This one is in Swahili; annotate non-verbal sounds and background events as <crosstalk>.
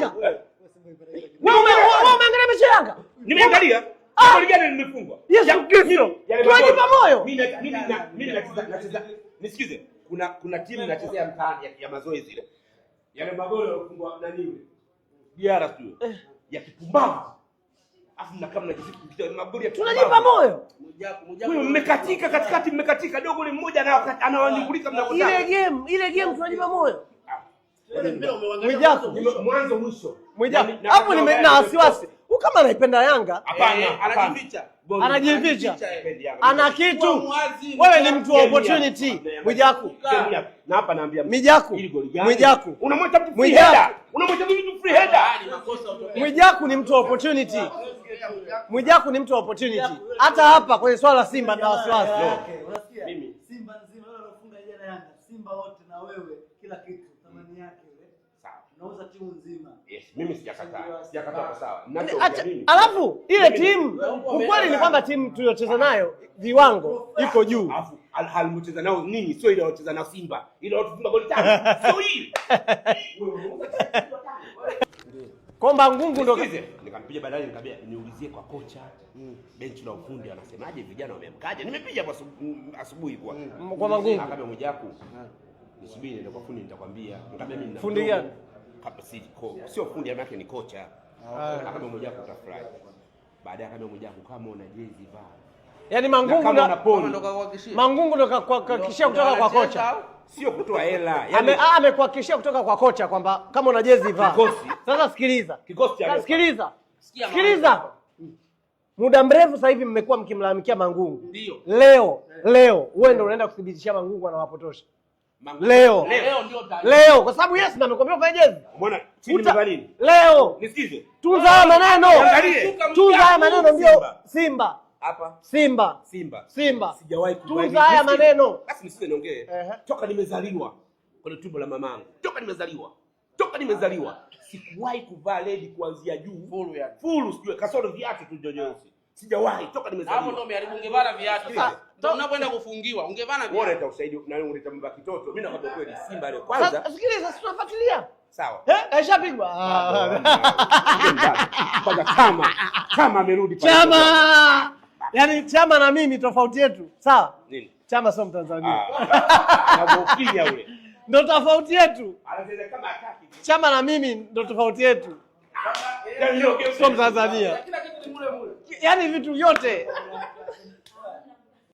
Yanga? Wewe umeangalia mechi ya Yanga? Nimeangalia. Goli ah! gani limefungwa? Yesu Kristo. Tuwajipa moyo. Mimi mimi nacheza. Nisikize. Kuna kuna timu inachezea mtaani ya mazoezi ile. Yale magoli yalofungwa na nini? Diara tu. Eh. Ya kipumbavu. Afu na kama najisikia magoli ya Tunajipa moyo. Huyu mmekatika katikati, mmekatika dogo ni mmoja na mnakotaka. Ile game, ile game tunajipa moyo. Yaani Mwijaku mwanzo mwisho, Mwijaku yaani hapo na wasiwasi kama anaipenda Yanga eh, anajificha, ana kitu. Wewe ni mtu wa opportunity, Mwijaku. Na hapa naambia Mwijaku, Mwijaku, unamwita mtu free header, unamwita mtu free header. Mwijaku ni mtu wa opportunity, Mwijaku ni mtu wa opportunity. Hata hapa kwenye swala Simba na wasiwasi Unauza timu nzima. Yes, mimi sijakataa. Sijakataa kwa sawa. Ninachoongea ah. mimi. Alafu ile timu ukweli ni kwamba timu tuliyocheza nayo viwango iko juu. Alafu mcheza nao sio ile wacheza na Simba. Ile goli tano. <laughs> Sio hii. Komba ngungu ndo nikampiga niulizie kwa kocha mm. benchi la ufundi vijana Nimepiga kwa mm, asubuhi kwa ngungu, mm. Mwijaku, mm. nisubiri kwa fundi nitakwambia. mimi fundi gani? kabla si sio fundi, maanake ni kocha. Akaambia ah. Mwijaku utafurahi. Baadaye akaambia Mwijaku kama una jezi vaa. Yaani Mangungu na Mangungu ndo kuhakikishia kutoka kwa kocha. Sio kutoa hela. Yaani ah, amekuhakikishia kutoka kwa kocha kwamba kama una jezi vaa. Kikosi. Sasa sikiliza. Kikosi cha sikiliza. Sikiliza. Muda mrefu sasa hivi mmekuwa mkimlalamikia Mangungu. Ndio. Leo, eh. leo wewe ndio unaenda kudhibitisha Mangungu anawapotosha. Leo. Leo ndio leo, kwa sababu Yesu amekwambia fanya jezi. Mbona Leo. Nisikize. Tunza haya ah, maneno. Tunza haya maneno ndio Simba. Hapa. Simba. Simba. Simba. Sijawahi kubali. Tunza haya maneno. Basi nisikize niongee. Toka nimezaliwa kwenye tumbo la mamangu. Toka nimezaliwa. Toka nimezaliwa. Sikuwahi kuvaa ledi kuanzia juu. Fulu ya. Fulu sijui kasoro viatu tu nyonyozi. Sijawahi toka nimezaliwa. Hapo ndo umeharibu ungevana viatu. Ndio unapoenda kufungiwa, ungevana viatu. Wewe utakusaidia na wewe ulitamka kitoto. Mimi nakwambia kweli Simba leo kwanza. Sasa Sikiliza, sasa tunafuatilia. Sawa. Eh, kaishapigwa. Ah, kwanza kama kama amerudi pale. Chama. Yaani chama na mimi tofauti yetu. Sawa? Nini? Chama sio Mtanzania. Anagofinya ah, ule. Ndio tofauti yetu. Anacheza kama hataki. Chama na mimi ndio tofauti yetu. Yaani sio Mtanzania. Lakini mule yaani vitu vyote